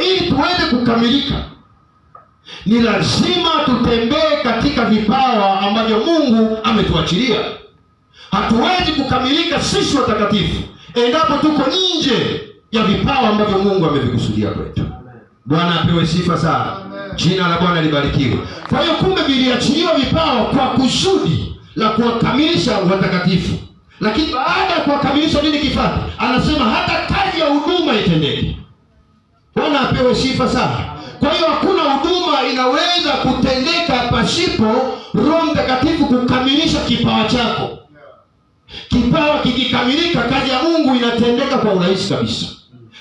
ili tuweze kukamilika, ni lazima tutembee katika vipawa ambavyo Mungu ametuachilia. Hatuwezi kukamilika sisi watakatifu endapo tuko nje ya vipawa ambavyo Mungu amevikusudia kwetu. Bwana apewe sifa sana, jina la Bwana libarikiwe. Kwa hiyo kumbe, viliachiliwa vipawa kwa kusudi la kuwakamilisha watakatifu, lakini baada ya kuwakamilisha nini kifata? Anasema hata kazi ya huduma itendeke. Bwana apewe sifa sana. Kwa hiyo hakuna huduma inaweza kutendeka pasipo Roho Mtakatifu kukamilisha kipawa chako. Kipawa kikikamilika, kazi ya Mungu inatendeka kwa urahisi kabisa,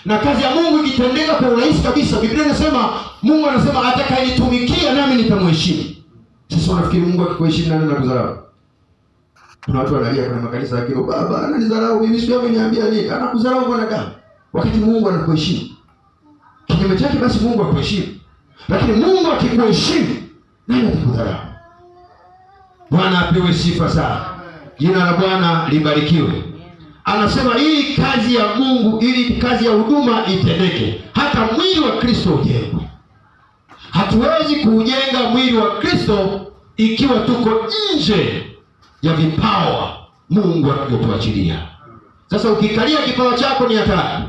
na kazi ya Mungu ikitendeka kwa urahisi kabisa, Biblia inasema, Mungu anasema atakayenitumikia nami nitamheshimu. Sasa unafikiri Mungu akikuheshimu nani anakudharau? Kuna watu wanalia kwenye makanisa lakini baba ananidharau mimi, sio ameniambia nini? Anakudharau kwa nadamu, wakati Mungu anakuheshimu kinyume chake, basi Mungu akuheshimu. Lakini Mungu akikuheshimu, nani atakudharau? Bwana apewe sifa sana, jina la Bwana libarikiwe. Anasema hii kazi ya Mungu, ili kazi ya huduma itendeke, hata mwili wa Kristo ujengwe. Hatuwezi kuujenga mwili wa Kristo ikiwa tuko nje ya vipawa Mungu alivyotuachilia. Sasa ukikalia kipawa chako ni hatari.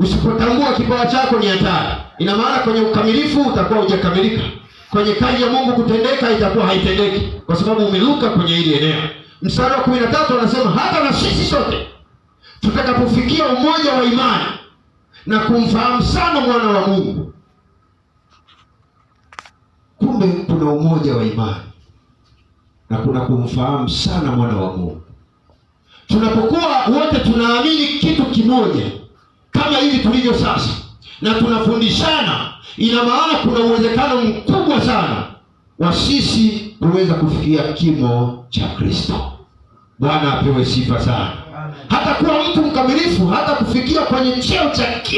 Usipotambua kipawa chako ni hatari. Ina maana kwenye ukamilifu utakuwa hujakamilika, kwenye kazi ya Mungu kutendeka itakuwa haitendeki, kwa sababu umeluka kwenye hili eneo. Mstari wa kumi na tatu anasema hata na sisi sote tutakapofikia umoja wa imani na kumfahamu sana mwana wa Mungu. Kumbe kuna umoja wa imani na kuna kumfahamu sana mwana wa Mungu. Tunapokuwa wote tunaamini kitu kimoja kama hivi tulivyo sasa na tunafundishana, ina maana kuna uwezekano mkubwa sana wa sisi kuweza kufikia kimo cha Kristo. Bwana apewe sifa sana. Hata kuwa mtu mkamilifu, hata kufikia kwenye cheo cha kimo